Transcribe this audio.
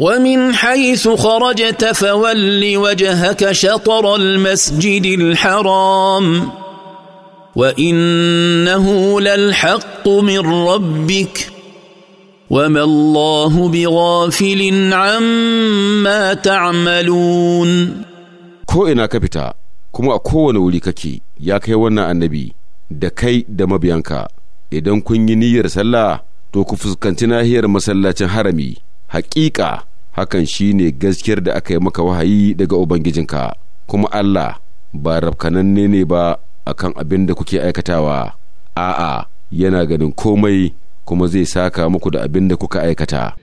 ومن حيث خرجت فول وجهك شطر المسجد الحرام وانه للحق من ربك وما الله بغافل عما تعملون ko ina ka fita kuma a kowane wuri kake ya kai wannan annabi da kai da mabiyanka idan kun yi niyyar sallah to ku fuskanci nahiyar masallacin harami haƙiƙa hakan shi ne gaskiyar da aka yi maka wahayi daga ubangijinka kuma Allah ba rafkananne ne ba a kan abin da kuke aikatawa a'a yana ganin komai kuma zai saka muku da abin da kuka aikata